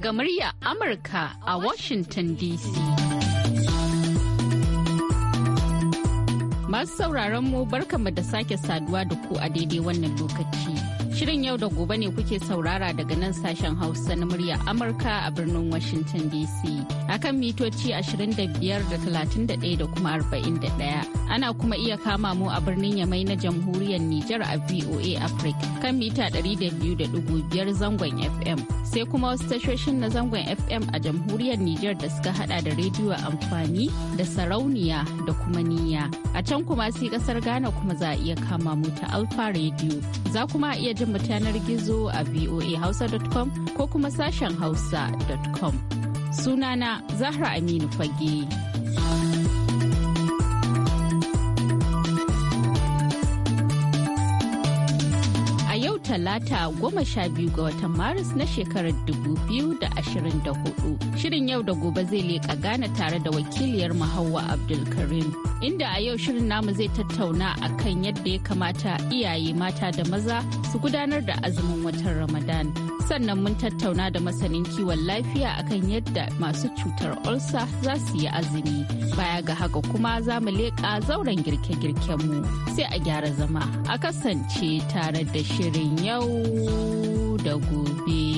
daga murya Amurka a Washington DC. Masu sauraron mu barkanmu da sake saduwa da ku a daidai wannan lokaci. Shirin yau da gobe ne kuke saurara daga nan sashen Hausa na murya Amurka a birnin Washington DC. akan mitoci 25 da 31 da kuma 41. Ana kuma iya kama mu a birnin Yamai na jamhuriyar Nijar a VOA Africa kan mita 200.5 zangon FM. Sai kuma wasu tashoshin na zangon FM a jamhuriyar Nijar da suka hada da rediyo amfani da sarauniya da kuma niyya. A can kuma sai kasar Ghana kuma za a iya kama mu ta Alfa rediyo Za kuma iya jin mutanen gizo a voahausa.com ko kuma sashen hausa.com. Sunana Zahra Aminu Fage. A yau talata goma sha biyu ga watan Maris na shekarar dubu biyu da ashirin da hudu. Shirin yau da gobe zai leƙa gane tare da wakiliyar Hauwa Abdulkarim. Inda a yau shirin namu zai tattauna a kan yadda ya kamata iyaye mata da maza su gudanar da azumin watan Ramadan. sannan mun tattauna da masanin kiwon lafiya akan yadda masu cutar olsa za su yi azumi baya ga haka kuma za mu leƙa zauren girke mu sai a gyara zama a kasance tare da shirin yau da gobe.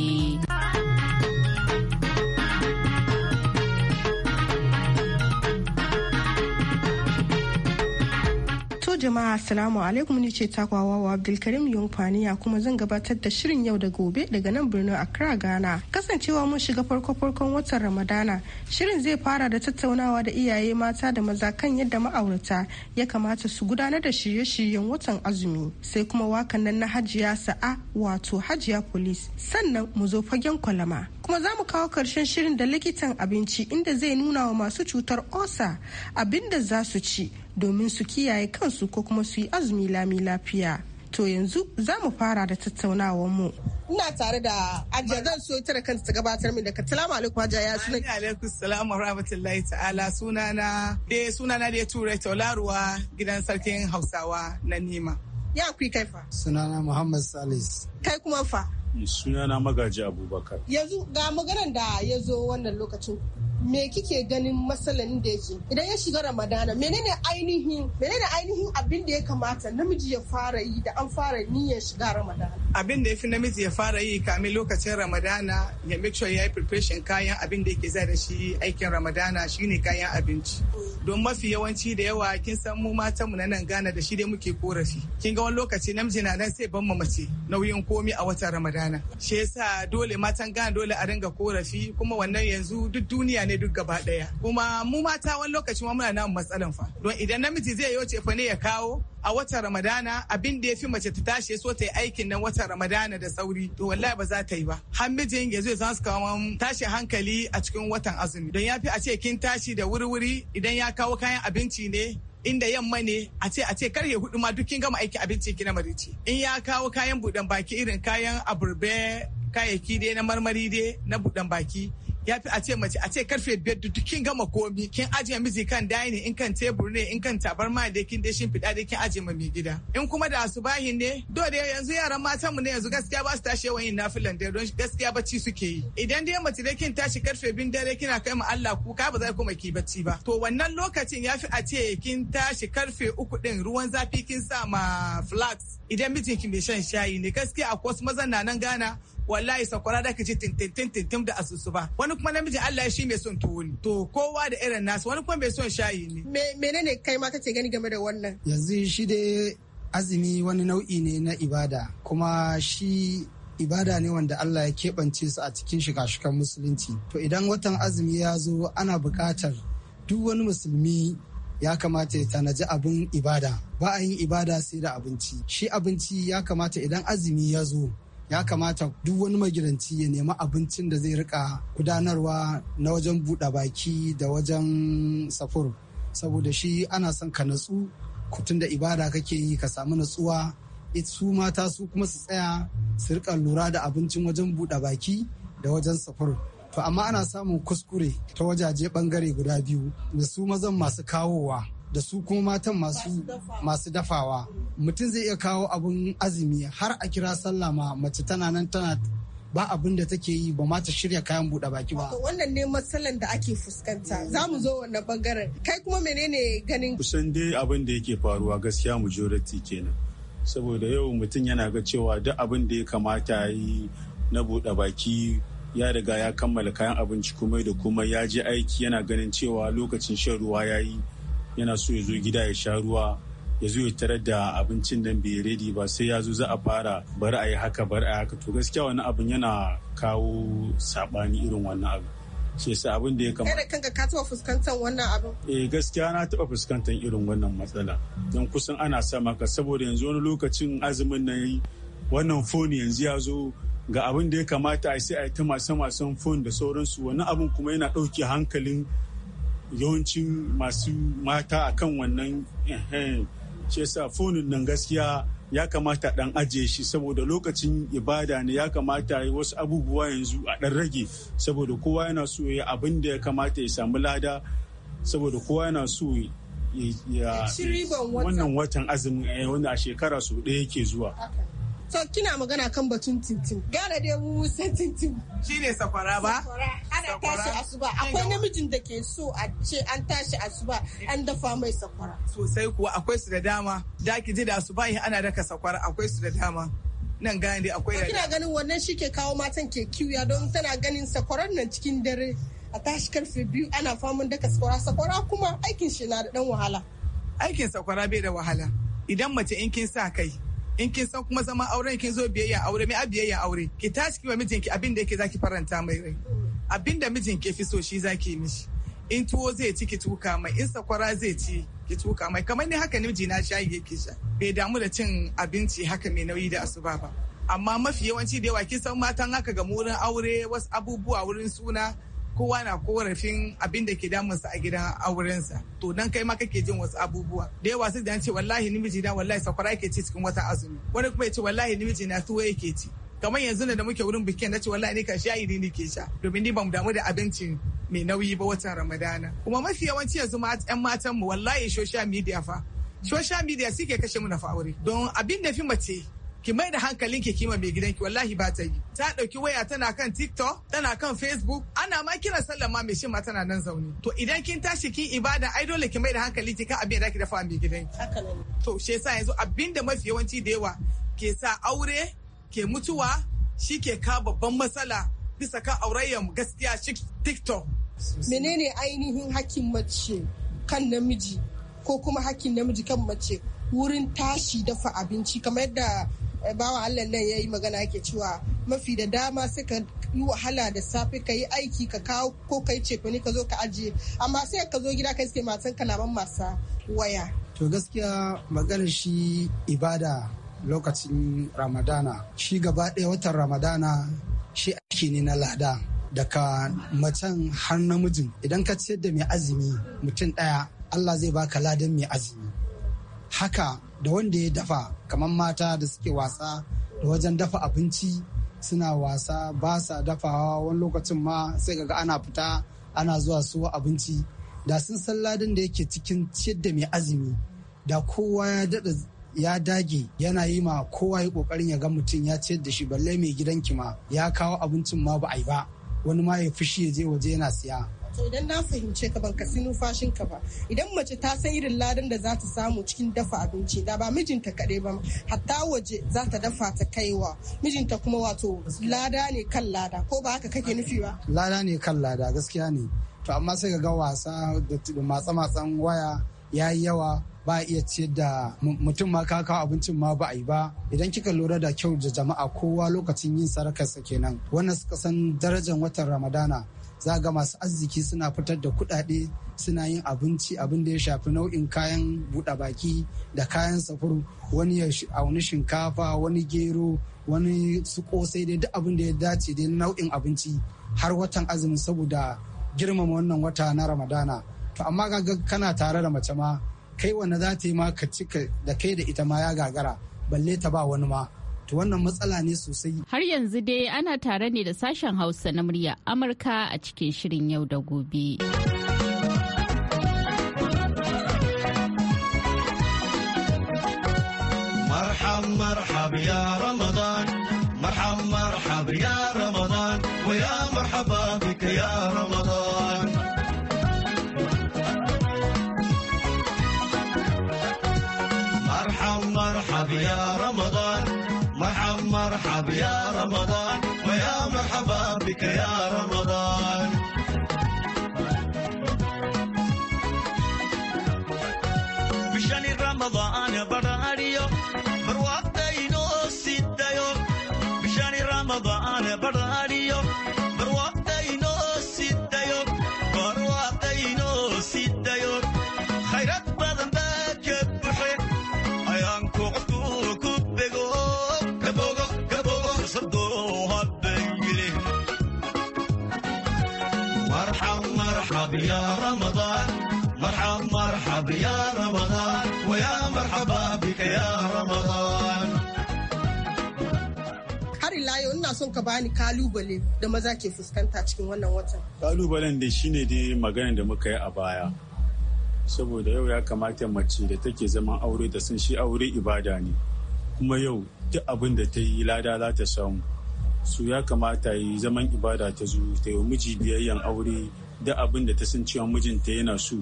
jama'a assalamu alaikum ni ce takwawa wa Abdulkarim Yunfaniya kuma zan gabatar da shirin yau da gobe daga nan birnin Accra Ghana. Kasancewa mun shiga farko farkon watan Ramadana, shirin zai fara da tattaunawa da iyaye mata da maza kan yadda ma'aurata ya kamata su gudanar da shirye-shiryen watan azumi. Sai kuma wakan nan na Hajiya Sa'a wato Hajiya Police. Sannan mu zo fagen kwalama. kuma za mu kawo karshen shirin da likitan abinci inda zai nuna wa masu cutar osa abin da za su ci domin su kiyaye kansu ko kuma su yi azumi lami lafiya to yanzu za mu fara da tattaunawar mu ina tare da ajiya zan so ita da kanta ta gabatar min da katsala salamu alaikum ya suna alaikum salamu rahmatullahi ta'ala sunana dai sunana dai turai taularuwa gidan sarkin hausawa na nima ya kai fa sunana muhammad salis kai kuma fa sunana magaji abubakar yanzu ga maganar da ya zo wannan lokacin me kike ganin matsalan da yake idan ya shiga ramadana menene ainihin menene ainihin abin da ya kamata namiji ya fara yi da an fara niyyar shiga ramadana abin da ya fi namiji ya fara yi kamin lokacin ramadana ya make sure ya yi preparation kayan abin da yake zai da shi aikin ramadana shine kayan abinci don mafi yawanci da yawa kin san mu matan mu na nan gana da shi dai muke korafi kin ga wani lokaci namiji na nan sai ban mace nauyin komi a watan ramadana shi yasa dole matan gana dole a ringa korafi kuma wannan yanzu duk duniya ne duk gaba daya kuma mu mata wani lokaci ma muna nan matsalan fa don idan namiji zai yi wace fa ne ya kawo a watan ramadana abin da ya fi mace ta tashi so ta yi aikin nan watan ramadana da sauri to wallahi ba za ta yi ba har mijin ya zo su kawo tashin hankali a cikin watan azumi don ya fi a ce kin tashi da wuri-wuri idan ya kawo kayan abinci ne inda yamma ne a ce a ce karhe hudu ma duk kin gama aiki abinci ki na marici in ya kawo kayan budan baki irin kayan aburbe kayayyaki dai na marmari dai na budan baki ya fi a ce mace a ce karfe biyar da kin gama komi kin ajiye miji kan dayini in kan tebur ne in kan tabarma da kin dai fida da kin ajiye ma mai gida in kuma da bahi ne do da yanzu yaran matanmu ne yanzu gaskiya ba su tashi yawan yin nafilan dare don gaskiya bacci suke yi idan dai mace dai kin tashi karfe bin dare kina kai ma Allah kuka ba za ku ki bacci ba to wannan lokacin ya fi a ce kin tashi karfe uku din ruwan zafi kin sa ma flax idan mijinki mai shan shayi ne gaskiya akwai wasu mazan na nan gana. wallahi sakwara da ka ce tintin da asusu ba wani kuma namiji Allah shi mai son tuwo ne to kowa da irin nasu wani kuma mai son shayi ne menene kai ma kace gani game da wannan yanzu shi da azumi wani nau'i ne na ibada kuma shi ibada ne wanda Allah ya keɓance su a cikin shiga-shigan musulunci to idan watan azumi ya zo ana buƙatar duk wani musulmi ya kamata ya tanaji abin ibada ba a yin ibada sai da abinci shi abinci ya kamata idan azumi ya zo ya kamata duk wani magidanci ya nemi abincin da zai rika gudanarwa na wajen buɗa baki da wajen safur saboda shi ana son ka natsu kutun da ibada kake yi ka samu natsuwa su mata su kuma su tsaya su rika lura da abincin wajen buɗa baki da wajen safur to amma ana samun kuskure ta wajaje bangare guda biyu da su mazan masu kawowa da su kuma matan masu masu dafawa mutum zai iya kawo abun azumi har a kira sallah ma mace tana nan tana ba abin da take yi ba ma shirya kayan buɗe baki ba. Wannan ne matsalan da ake fuskanta za mu zo wannan bangaren kai kuma menene ganin. Kusan dai abin da yake faruwa gaskiya majority kenan saboda yau mutum yana ga cewa duk abin da ya kamata yi na buɗe baki ya riga ya kammala kayan abinci kuma da kuma ya je aiki yana ganin cewa lokacin shan ruwa ya yi yana so ya zo gida ya sha ruwa ya zo ya tarar da abincin nan bai redi ba sai ya zo za a fara bari a yi haka bari a haka to gaskiya wani abin yana kawo sabani irin wannan abu shi sa abin da ya kama. kai kanka ka taba fuskantar wannan abin eh gaskiya na taba fuskantar irin wannan matsala don kusan ana sa maka saboda yanzu wani lokacin azumin na yi wannan foni yanzu ya zo ga abin da ya kamata a sai a yi ta masu masu fon da sauransu wani abin kuma yana ɗauke hankalin yawancin masu mata a kan wannan shi fonin nan gaskiya ya kamata dan ajiye shi saboda lokacin ibada ne ya kamata wasu abubuwa yanzu a dan rage saboda kowa yana so ya abin da ya kamata ya samu lada saboda kowa yana so ya wannan watan azumin eh, wanda a shekara su ɗaya yake zuwa So kina magana kan batun tintin. Gara dai mu san tintin. Shi ne sakwara ba? Ana tashi asuba. Akwai namijin da ke so a ce an tashi asuba an dafa mai sakwara. Sosai kuwa akwai su da dama. Da ki ji da asuba ana daka sakwara akwai su da dama. nan gane dai akwai da kina ganin wannan shi ke kawo matan ke kiwiya don tana ganin sakwaran nan cikin dare a tashi karfe biyu ana faman daka sakwara sakwara kuma aikin shi na da dan wahala aikin sakwara bai da wahala idan mace in kin sa kai in kin san kuma zama auren kin zo biyayya aure mai a biyayya aure ki tashi ki wa mijinki abin da yake zaki faranta mai rai abin da mijinki fi so shi zaki mishi in tuwo zai ci ki tuka mai in sakwara zai ci ki tuka mai kamar ni haka miji na shayi yake sha bai damu da cin abinci haka mai nauyi da asuba ba amma mafi yawanci da yawa kin san matan haka ga wurin aure wasu abubuwa wurin suna kowa na korafin abin da ke damunsa a gidan aurensa to dan kai ma kake jin wasu abubuwa da yawa sai da ce wallahi namiji na wallahi sakwara yake ci cikin wata azumi wani kuma ya ce wallahi namiji na tuwo yake ci kamar yanzu da muke wurin bikin na ce wallahi ni sha shayi ne ke sha domin ni bamu damu da abincin mai nauyi ba watan ramadana kuma mafi yawanci yanzu yan matan mu wallahi social media fa social media suke kashe mu na fa aure don abin da fi mace ki mai da hankalin ki kima mai ki? wallahi ba ta yi ta dauki waya tana kan tiktok tana kan facebook ana ma kira sallan ma mai ma tana nan zaune to idan kin tashi kin ibada ai dole ki mai da hankali ki kan abin da ki dafa mai ki. to shi yasa yanzu abin da mafi yawanci da yawa ke sa aure ke mutuwa shi ke ka babban matsala bisa kan aurayen gaskiya shi tiktok menene ainihin hakkin mace kan namiji ko kuma hakkin namiji kan mace wurin tashi dafa abinci kamar yadda bawa Allah nan ya yi magana yake cewa mafi da dama suka yi wahala da safe ka yi aiki ka kawo ko ka yi cefane ka zo ka ajiye amma sai ka zo gida ka suke matan ka naman masa waya. To gaskiya maganar shi ibada lokacin Ramadana shi gaba ɗaya watan Ramadana shi aiki ne na lada daga macen har namijin idan ka ciyar da mai azumi mutum ɗaya Allah zai baka ladan mai azumi haka da wanda ya dafa kamar mata da suke wasa da wajen dafa abinci suna wasa ba sa dafawa wani lokacin ma sai ga ana fita ana zuwa su abinci da sun san ladan da yake cikin ciyar da mai azumi da kowa ya dada ya dage yana yi ma kowa ya kokarin ya ga mutum ya ciyar da shi balle mai gidan ma ya kawo abincin ma ba a yi ba wani ma ya fushi ya je waje yana siya to idan na fahimce ka ban kasi numfashin ka ba idan mace ta san irin ladan da za ta samu cikin dafa abinci da ba mijinta kaɗai ba hatta waje za ta dafa ta kaiwa mijinta kuma wato lada ne kan lada ko ba haka kake nufi ba lada ne kan lada gaskiya ne to amma sai ga wasa da matsa-matsan waya ya yi yawa ba iya ce da mutum ma ka kawo abincin ma ba a yi ba idan kika lura da kyau da jama'a kowa lokacin yin sarakarsa kenan wannan suka san darajar watan ramadana za ga masu arziki suna fitar da kuɗaɗe suna yin abinci abin da ya shafi nau'in kayan buɗa baki da kayan safuru wani ya auni shinkafa wani gero wani su kosai dai duk abin da ya dace dai nau'in abinci har watan azumin saboda girmama wannan wata na ramadana to amma ga kana tare da mace ma kai wanne za ta yi ma ka cika da kai da ita ma ya gagara balle ta ba wani ma to wannan matsala ne sosai. Har yanzu dai ana tare ne da sashen Hausa na murya Amurka a cikin shirin yau da gobe. مرحبا بك يا رمضان مرحب مرحب يا رمضان مرحب مرحب يا رمضان ويا مرحبا بك يا رمضان ارحب يا رمضان ina son ka bani kalubale da maza ke fuskanta cikin wannan watan. Kalubalen da shine dai magana da muka yi a baya. Saboda yau ya kamata mace da take zaman aure da sun shi aure ibada ne. Kuma yau duk abin da ta yi lada za ta samu. Su ya kamata yi zaman ibada ta zo ta yi miji biyayyan aure da abin da ta san cewa mijinta yana so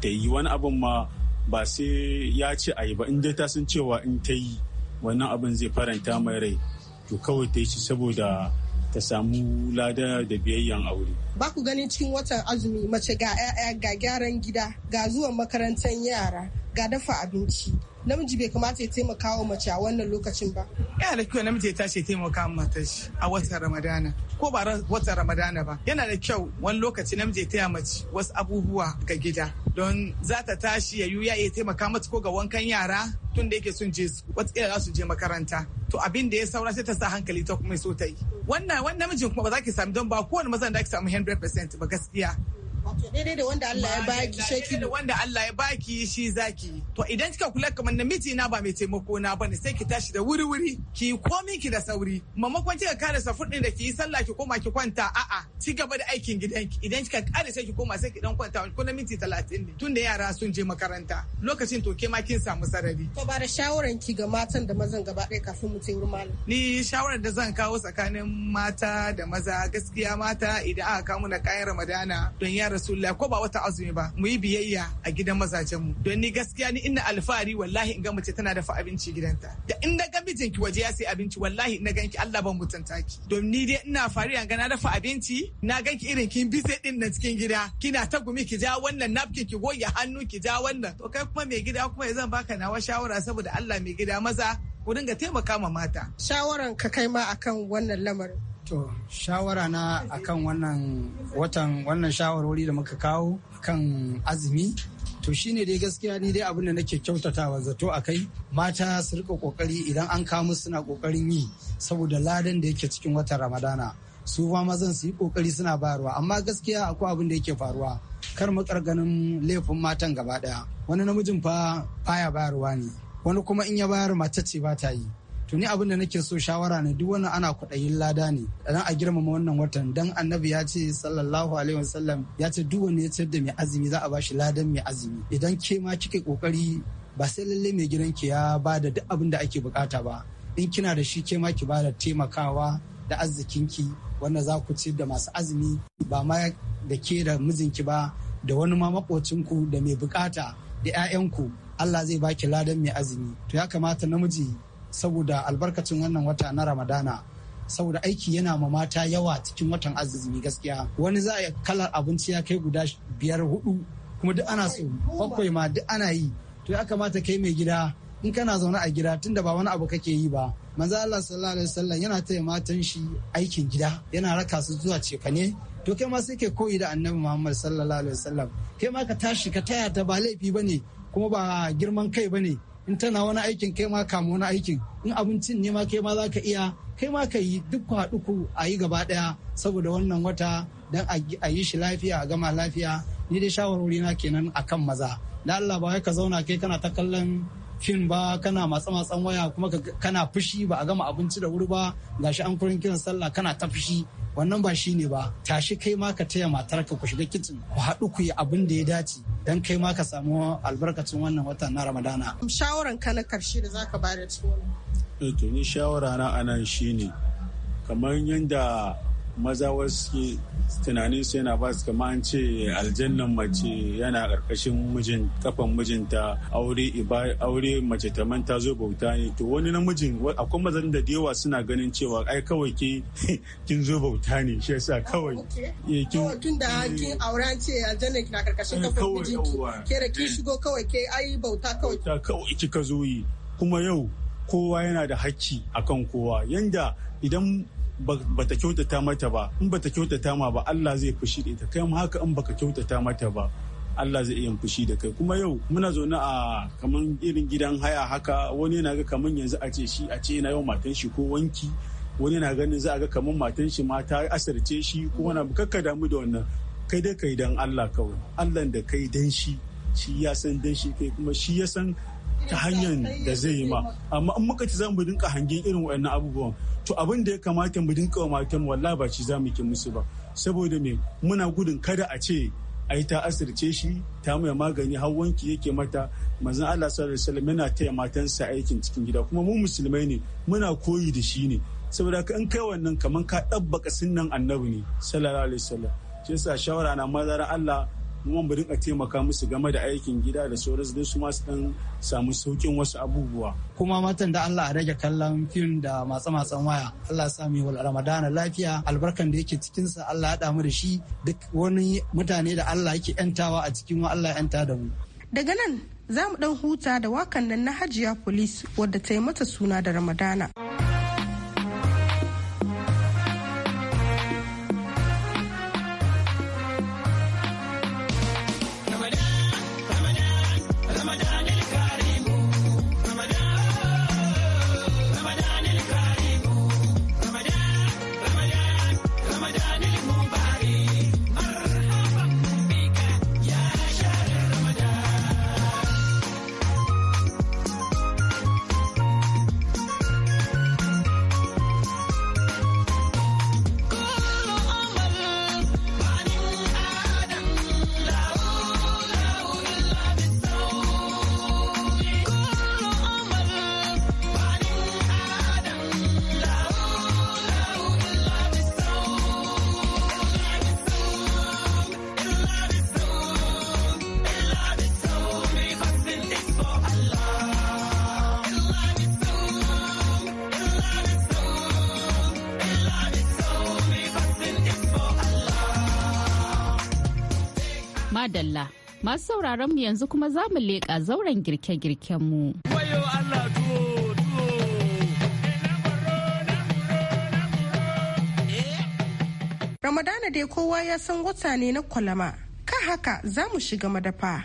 ta yi wani abin ma ba sai ya ce a yi ba in ta san cewa in ta yi wannan abin zai faranta mai rai to kawai ta yi shi saboda ta samu lada da biyayyan aure. Ba ku ganin cikin watan azumi mace ga 'ya'ya ga gyaran gida ga zuwan makarantar yara ga dafa abinci namiji bai kamata ya taimaka wa mace a wannan lokacin ba. Yana da kyau namiji ya tashi ya taimaka wa mata shi a watan Ramadana ko ba watan Ramadana ba. Yana da kyau wani lokaci namiji ya taya mace wasu abubuwa ga gida don za ta tashi ya yuya ya taimaka mata ko ga wankan yara tun da yake sun je su wataƙila za su je makaranta. To abin da ya saura sai ta sa hankali ta kuma so ta yi. Wannan namijin kuma ba za ki sami don ba kowane mazan da ake samu 100% ba gaskiya. daidai da wanda Allah ya baki da wanda Allah shi zaki to idan kika kula kamar namiji na ba mai taimako na bane sai ki tashi da wuri wuri ki komi ki da sauri mamakon kika kare safur din da ki yi sallah ki koma ki kwanta a'a ci gaba da aikin gidanki idan kika kare sai ki koma sai ki dan kwanta ko na minti 30 ne tunda yara sun je makaranta lokacin to ke ma kin samu sarari to ba da shawaran ki ga matan da mazan gaba ɗaya kafin mutum malam ni shawarar da zan kawo tsakanin mata da maza gaskiya mata idan aka kawo na kayan ramadana don yara rasulullah ko ba wata azumi ba mu yi biyayya a gidan mazajenmu don ni gaskiya ni ina alfahari wallahi in ga mace tana dafa abinci gidanta da in na ga mijinki waje ya sai abinci wallahi na ganki Allah ban mutunta ki don ni dai ina fari ga na dafa abinci na ganki irin kin bise din na cikin gida kina ta gumi ki ja wannan napkin ki goge hannu ki ja wannan to kai kuma mai gida kuma zan baka nawa shawara saboda Allah mai gida maza ku dinga taimaka ma mata shawaran ka kai ma akan wannan lamarin To shawara na akan wannan watan wannan shawarwari da muka kawo kan azumi to shine dai gaskiya ni dai abin da nake kyautatawa zato a kai mata su rika kokari idan an kamu suna kokarin yi saboda ladan da yake cikin watan ramadana su ma mazan su yi kokari suna bayarwa amma gaskiya akwai abin da yake faruwa kar makar ganin laifin matan gaba daya wani namijin fa baya bayarwa ne wani kuma in ya bayar mata ce ba ta yi to ni abin da nake so shawara ne duk wannan ana kwaɗayin lada ne dan a girmama wannan watan dan annabi ya ce sallallahu alaihi wasallam ya ce duk wanda ya ce da mai azumi za a ba shi ladan mai azumi idan ke ma kike kokari ba sai lalle mai gidan ki ya bada duk abin da ake bukata ba in kina da shi ke ma ki da taimakawa da arzikinki wanda za ku ci da masu azumi ba ma da ke da mijinki ba da wani ma ku da mai bukata da 'ya'yanku Allah zai baki ladan mai azumi to ya kamata namiji saboda albarkacin wannan wata na ramadana saboda aiki yana ma mata yawa cikin watan azumi gaskiya wani za a kalar abinci ya kai guda biyar hudu kuma duk ana so bakwai ma duk ana yi to ya kamata kai mai gida in kana zaune a gida tunda ba wani abu kake yi ba manzo Allah sallallahu alaihi wasallam yana taya matan shi aikin gida yana raka su zuwa cefane to kai ma sai ke koyi da annabi Muhammad sallallahu alaihi wasallam kai ma ka tashi ka taya ta ba laifi bane kuma ba girman kai bane in tana wani aikin kai ma kama wani aikin in abincin ne ma kai ma za ka iya kai ma ka yi duk haɗu ku a yi gaba ɗaya saboda wannan wata don a yi shi lafiya a gama lafiya ni dai shawarwari na kenan akan maza da Allah ba ka zauna kai kana ta kallon kin ba kana matsa matsan waya kuma kana fushi ba a gama abinci da wuri ba gashi an kurin kiran sallah kana ta fushi wannan ba shi ne ba tashi kai ma ka taya matarka ku shiga kicin ku haɗu ku yi abin da ya dace dan kai ma ka samu albarkacin wannan watan na ramadana shawaran ka na karshe da zaka ba da cikin eh, to ni shawara na anan shine kamar yadda maza wasu tunanin su yana ba su kama an ce aljannan mace yana karkashin mijin kafan mijinta aure iba aure mace ta manta zo bauta ne to wani namijin akwai mazan da yawa suna ganin cewa ai kawai ke kin zo bauta ne shi yasa kawai tun ah, eh, da eh. kin aura ce aljannan kina karkashin kafan eh, mijinki ke da kin shigo kawai ke ai bauta kawai Ta kawai kika zo yi kuma yau kowa yana da hakki akan kowa yanda idan ba ta kyautata mata ba in ba ta kyautata ma ba Allah zai fushi da ita kai ma haka in baka kyautata mata ba Allah zai iya fushi da kai kuma yau muna zaune a kaman irin gidan haya haka wani yana ga kaman yanzu a ce shi a ce yana yau matan shi ko wanki wani yana ganin za a ga kaman matan shi ma ta asirce shi kuma na kakka damu da wannan kai dai kai dan Allah kawai Allah da kai dan shi shi ya san dan shi kai kuma shi ya san ta hanyar da zai yi ma amma in muka ci zamu mu dinka hangen irin waɗannan abubuwan to abin da ya kamata mu dinka wa matan wallahi ba ci za mu ki musu ba saboda me muna gudun kada a ce ai ta asirce shi ta mai magani har wanki yake mata manzon Allah sallallahu alaihi wasallam yana taya matansa aikin cikin gida kuma mu musulmai ne muna koyi da shi ne saboda ka in kai wannan kaman ka dabbaka sunnan annabi ne sallallahu alaihi wasallam shi yasa shawara na mazara Allah kuma mu rinka taimaka musu game da aikin gida da sauransu don su masu su dan samu saukin wasu abubuwa kuma matan da Allah a rage kallon fim da matsa matsan waya Allah sa mu wal ramadana lafiya albarkan da yake cikin sa Allah ya mu da shi duk wani mutane da Allah yake yantawa a cikin wa Allah yanta da mu daga nan za mu dan huta da wakan nan na Hajiya Police wadda ta yi mata suna da Ramadana Masu sauraron mu yanzu kuma za mu leƙa zauren girke-girken mu. Ramadana dai kowa ya san wata ne na kwalama. Kan haka za mu shiga madafa.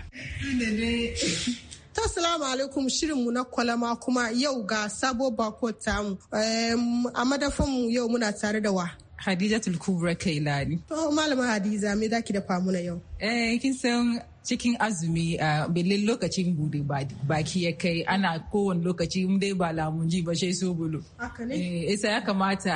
Assalamu alaikum mu na kwalama kuma yau ga sabo bako tamu. A madafanmu yau muna tare da wa. Hadiza Tulkubra Kailani. To malama Hadiza me za ki dafa muna yau? Eh kin san cikin azumi a belin lokacin bude baki ya kai ana kowane lokaci in dai ba lamunji ba shai bulu. isa eh, ya kamata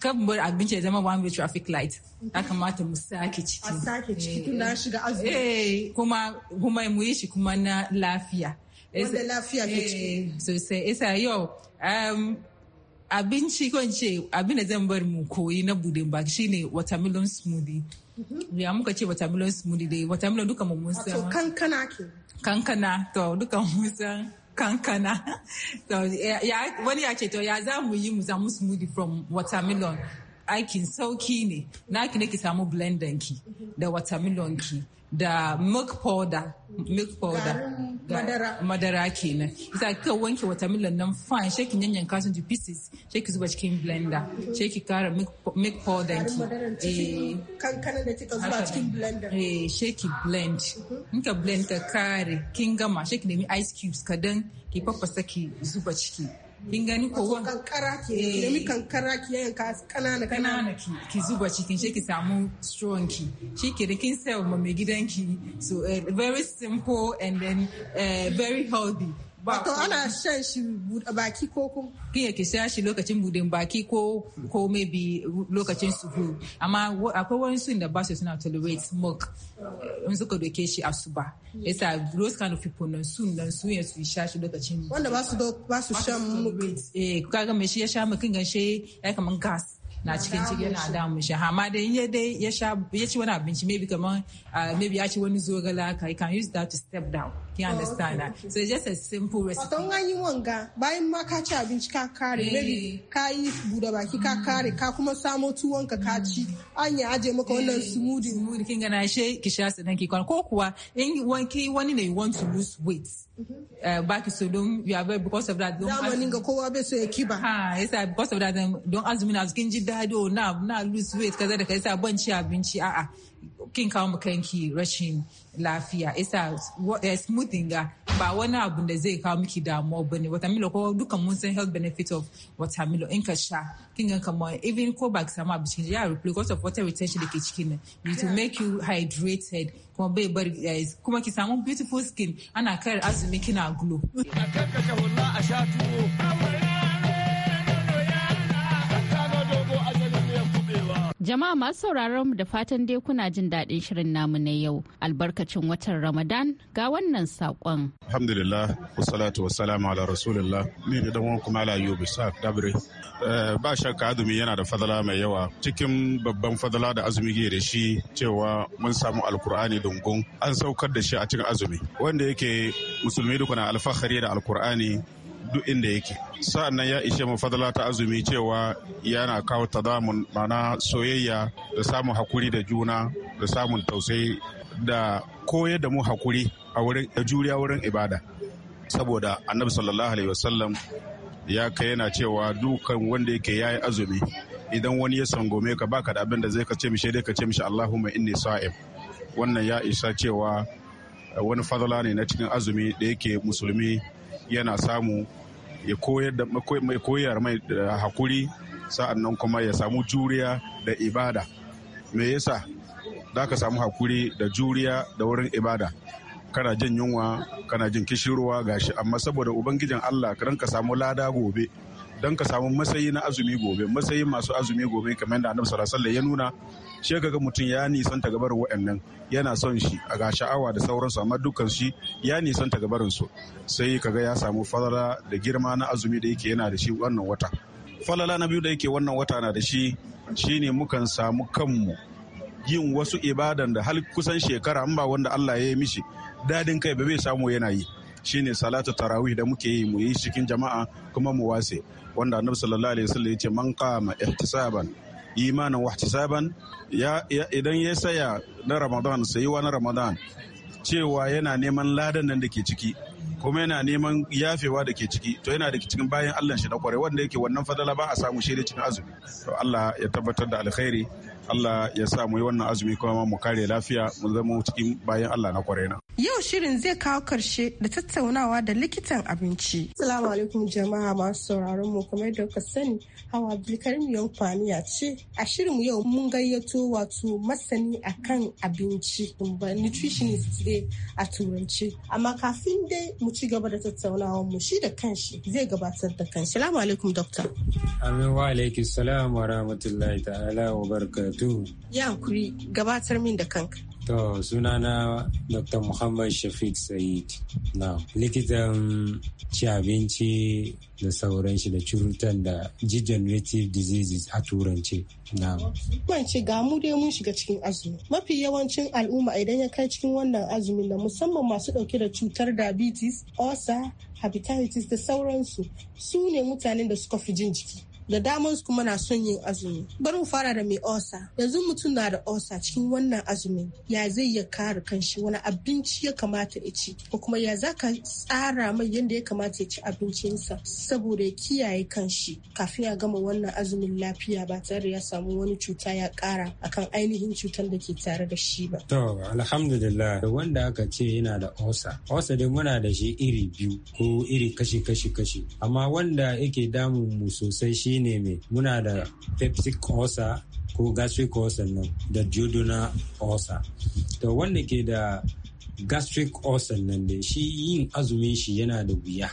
kan bar abinci ya zama one way traffic light ya kamata mu sake ciki. A sake ciki eh. tun na shiga azumi. Eh, kuma kuma mu yi shi kuma na lafiya. Wanda lafiya ke ciki. Sosai isa yau um, abinci ko ce abin da zan bar mu koyi na bude baki shine watermelon smoothie. Mm-hmm. ya muka ce watermelon smoothie dai watermelon duka mu mun san kankana ke kankana to duka mun san kankana to ya wani ya ce to ya za mu yi mu samu smoothie from watermelon aikin sauki ne naki ne ki samu blender ki da watermelon ki da milk powder milk powder madara madara kenan isa ka wanke watermelon nan fine sai ki yanyanka su into pieces sai ki zuba cikin blender sai ki kara milk powder ki eh kankana da kika zuba cikin blender eh sai ki blend mhm. in ka blend ka kare kin gama sai ki nemi ice cubes Ka dan ki faffasa ki zuba ciki kin gani ko wani kankara ke eh. kankara ki yanka kanana kanana ki zuba cikin shi ki samu strong ki shi ki da kin ma mai ki. so uh, very simple and then uh, very healthy Wato ana shan shi buɗe baki ko ko? Kiya ki sha shi lokacin buɗe baki ko ko maybe lokacin suhu. Amma akwai wani sun da basu suna tolerate smoke in suka doke shi a su ba. Yasa those kind of people nan sun nan sun yasu yi sha shi lokacin. Wanda basu ba su shan mu Eh kaga mai shi ya sha milk kin gan ya kamar gas. na cikin ciki yana da shi amma dai in dai ya sha ya ci wani abinci maybe kaman ah, maybe ya ci wani zogala haka you can use that to step down ki understand that so it's just a simple recipe wato an yi wanga bayan ma ka ci abinci ka kare eh. maybe ka yi buda baki ka mm. kare ka kuma samo tuwon ka ka ci mm. an ya aje maka wannan eh. smoothie smoothie kin gana she ki sha sanan ki ko kuwa in wani ne you want to lose weight Mm-hmm. Uh, back so don you are very because of that don't. ga kiba ha because of that don azumi na kin ji dadi o oh, now, now lose weight kaza da kaza I've been kin kawo mu kanki rashin lafiya isa smoothing ga ba wani abu da zai kawo miki damuwa ba ne watermelon ko dukan mun san health benefit of watermelon in ka sha kin ga kamar even ko ba ki samu abu cikin ya because of water retention da ke cikin nan it will make you hydrated kuma bai bar kuma ki samu beautiful skin ana kar azumi kina glow. Ka a sha Jama'a masu sauraron mu da fatan dai kuna jin daɗin shirin namu na yau albarkacin watan Ramadan ga wannan saƙon. Alhamdulillah wassalatu wassalamu ala rasulillah ni da dan kuma ala Ayyub Sa'ad Dabre. Eh, ba shakka azumi yana da fadala mai yawa cikin babban fadala da azumi ke da shi cewa mun samu alkur'ani dungun an saukar da shi a cikin azumi wanda yake musulmi duka na alfahari da alkur'ani duk inda yake sa'annan ya ishe mu fadala ta azumi cewa yana kawo ta mana soyayya da samun hakuri da juna da samun tausayi da koyar da mu hakuri a wurin juriya wurin ibada saboda annabi sallallahu alaihi wasallam ya kai yana cewa dukan wanda yake yayi azumi idan wani ya sangome ka baka da abin da zai ka ce mishi dai ka ce mishi Allahumma inni sa'im wannan ya isa cewa wani fadala ne na cikin azumi da yake musulmi yana samu ya koyar da mai koyar mai hakuri nan kuma ya samu juriya da ibada me yasa za ka samu hakuri da juriya da wurin ibada kana jin yunwa kana jin kishirwa gashi amma saboda ubangijin Allah ka samu lada gobe don ka samu matsayi na azumi gobe matsayin masu azumi gobe kamar da annabi sallallahu alaihi ya nuna shi kaga mutum ya nisan ta gabar wa'annan yana son shi a ga sha'awa da sauransu amma dukkan shi ya nisan ta gabarin su sai kaga ya samu falala da girma na azumi da yake yana da shi wannan wata falala na biyu da yake wannan wata na da shi shine mukan samu kanmu yin wasu ibadan da hal kusan shekara in ba wanda Allah ya yi mishi dadin kai ba bai samu yana yi shine salatu tarawih da muke yi mu yi cikin jama'a kuma mu wase wanda annabi sallallahu alaihi wasallam yace man qama ihtisaban imanan wa ihtisaban ya idan ya saya na ramadan sai wa na ramadan cewa yana neman ladan nan da ciki kuma yana neman yafewa da ke ciki to yana da cikin bayan Allah shi da kware wanda yake wannan fadala ba a samu shi cikin azumi to Allah ya tabbatar da alkhairi Allah ya sa mu yi wannan azumi kuma mu kare lafiya mu zama cikin bayan Allah na kwarai Yau shirin zai kawo karshe da tattaunawa da likitan abinci. Salamu alaikum jama'a masu sauraron mu kamar da ka sani hawa Abdulkarim yau faniya ce. A shirin yau mun gayyato wato masani akan abinci nutritionist dai a turanci. Amma kafin dai mu ci gaba da tattaunawa mu shi da kanshi zai gabatar da kanshi. Salamu alaikum doctor. Amin wa alaikum salam wa rahmatullahi ta'ala wa barka barakatuhu. Ya hankuri gabatar min da kanka. To sunana Dr. Muhammad Shafiq Said na likitan ci abinci da sauran shi da cutar da degenerative diseases a turance. Na. ce ga mu dai mun shiga cikin azumi. Mafi yawancin al'umma idan ya kai cikin wannan azumin da musamman masu dauke da cutar diabetes, ulcer, hepatitis da sauransu su ne mutanen da suka fi jin jiki. da damar su kuma na son yin azumi bari mu fara da mai osa yanzu mutum na da osa cikin wannan azumin ya zai ya kare kanshi wani abinci ya kamata ya ci ko kuma ya za ka tsara mai yadda ya kamata ya ci abincinsa saboda ya kiyaye kanshi kafin ya gama wannan azumin lafiya ba tare ya samu wani cuta ya kara akan ainihin cutar da ke tare da shi ba. To alhamdulillah da wanda aka ce yana da osa osa dai muna da shi iri biyu ko iri kashi kashi kashi amma wanda yake damun mu sosai shi shine mai muna da peptic ulcer ko gastric ulcer nan da juduna ulcer to wanda ke da gastric ulcer nan da shi yin azumin shi yana da wuya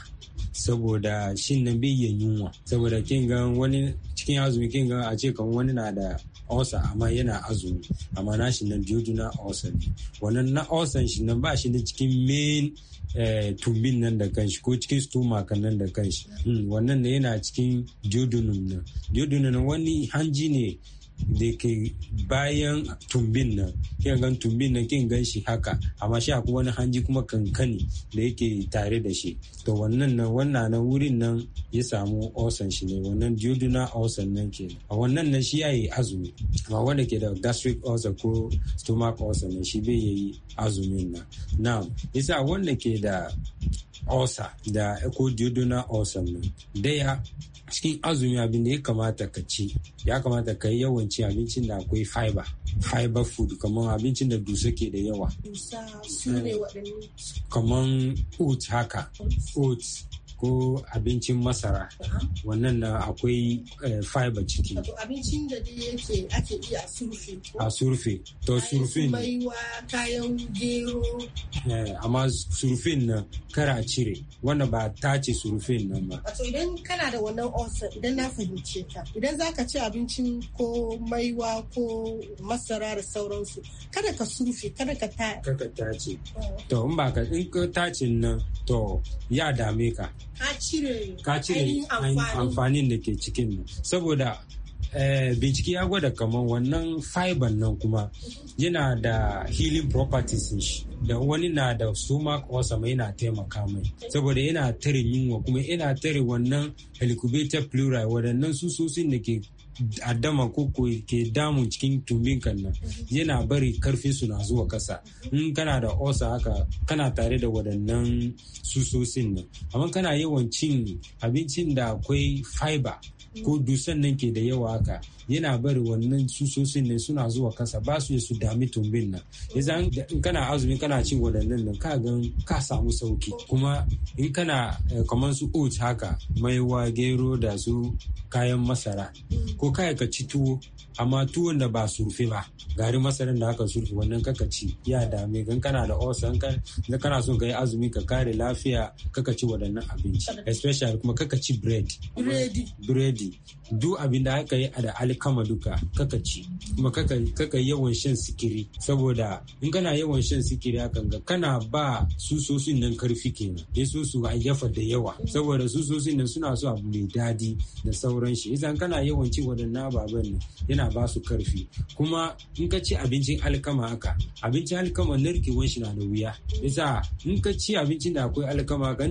saboda shin nan bai yunwa saboda kin ga wani cikin azumi kin ga a ce kamar wani na da osa amma yana azumi amma shi nan jojuna osa ne wannan na osan shi nan ba shi ne cikin main eh, tumbin nan da kanshi ko cikin stomach nan da kanshi hmm, wannan ne yana cikin jodunum nan nan wani hanji ne da ke bayan tumbin nan kin gan tumbin nan kin gan shi haka amma shi akwai wani hanji kuma kankani da yake tare da shi to wannan nan wannan nan wurin nan ya samu osan shi ne wannan duodenal osan nan ke a wannan nan shi yayi azumi amma wanda ke da gastric ulcer ko stomach ulcer ne shi bai yayi azumin nan na yasa wanda ke da osa da ko duodenal osan nan daya cikin azumi abin da ya kamata ka ci ya kamata ka yi yawan ci abincin da akwai fiber fiber food kamar abincin da dusa ke da yawa kamar oats haka oats ko abincin masara wannan na akwai eh, fiber ciki abincin da dai yake ake iya surfe a surfe to baiwa kayan gero eh, amma surfe nan kara cire wannan ba tace surfe nan ba to idan kana da wannan ulcer idan na fahimce ka idan zaka ci abincin ko maiwa ko masara da sauransu kada ka surfe kada ka ta kada ka ce oh. to in ba ka in ka tace nan to ya dame ka ka cire amfanin da ke cikin nan saboda eh, bincike ya gwada kamar wannan fiber nan kuma yana da healing properties shi da wani na da stomach ulcer mai yana taimaka mai saboda yana tare yunwa kuma yana tare wannan helicobacter pleurae waɗannan susosin da ke adama ko ke damun cikin tumbin kan nan yana bari karfin su na zuwa kasa in kana da osa haka kana tare da waɗannan susosin nan amma kana yawan cin abincin da akwai fiber ko dusan nan ke da yawa haka yana bari wannan susosin ne suna zuwa kasa ba su su dami tumbin nan yanzu in kana azumi kana ci waɗannan nan ka gan ka samu sauki kuma in kana eh, kamar su oat haka maiwa gero da su kayan masara ko kai ka ci tuwo amma tuwon da ba surfe ba gari masarar da aka surfe wannan kaka ci ya dame gan kana da osa in kana so ka yi azumi ka kare lafiya kaka ci waɗannan abinci especially kuma kaka ci bread bread gadi duk abin da aka yi a da alkama duka kaka ci kuma kaka yawan shan sikiri saboda in kana yawan shan sikiri akan ga kana ba susosin nan karfi kenan ya susu a yafa da yawa saboda susosin nan suna so abu mai dadi da sauran shi idan kana yawan ci waɗannan ababen ne yana ba su karfi kuma in ka ci abincin alkama haka abincin alkama narkewan shi na da wuya yasa in ka ci abincin da akwai alkama ga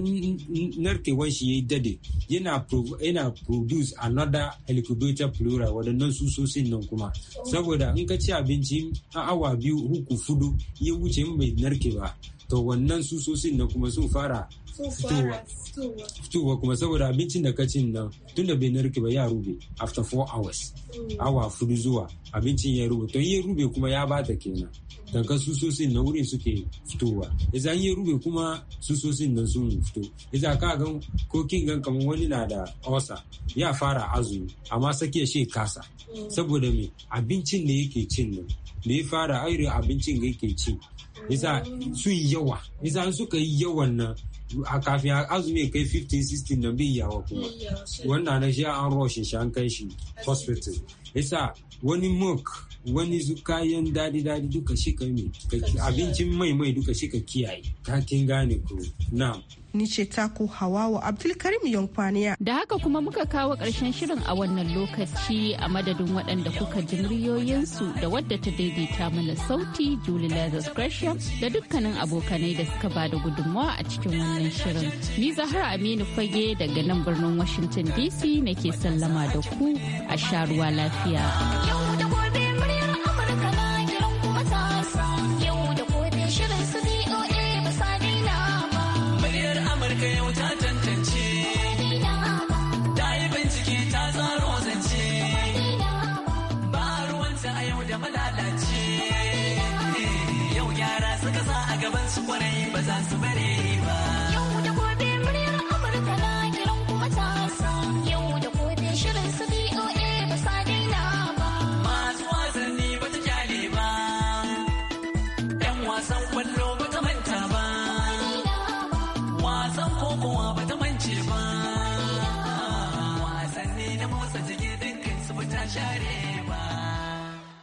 narkewan shi yi dade yana yana produce another helicobacter plural waɗannan susosin nan kuma saboda in ka ci abinci a awa biyu uku fudu ya wuce in bai narke ba to wannan sususin na kuma sun fara fitowa kuma saboda abincin da kacin nan tun da bai narke ba ya rube after four hours mm. awa fudu zuwa abincin ya rube to yin rube kuma ya bata kenan danka sususin na wurin suke fitowa idan an yi rube kuma susosin nan sun fito idan ka gan ko kin gan kamar wani na da osa ya fara azumi amma sake shi kasa mm. saboda me abincin da yake cin nan da ya fara aire abincin da yake ci nisa su yi yawa isa suka yi yawan nan a kafin azumi kai 15 16 na bai yawa kuma wannan na shi an roshe shi an kai shi hospital yasa wani mok wani kayan dadi dadi duka shi ka mai abincin mai mai duka shi ka kiyaye ka gane ko na ni ce ta hawa hawawa abdulkarim yankwaniya da haka kuma muka kawo ƙarshen shirin a wannan lokaci a madadin waɗanda kuka ji muryoyinsu da wadda ta daidaita mana sauti julie lazarus gresham da dukkanin abokanai da suka ba da gudunmawa a cikin wannan shirin ni zahra aminu fage daga nan birnin washington dc nake sallama da ku a sharuwa lafiya Yeah.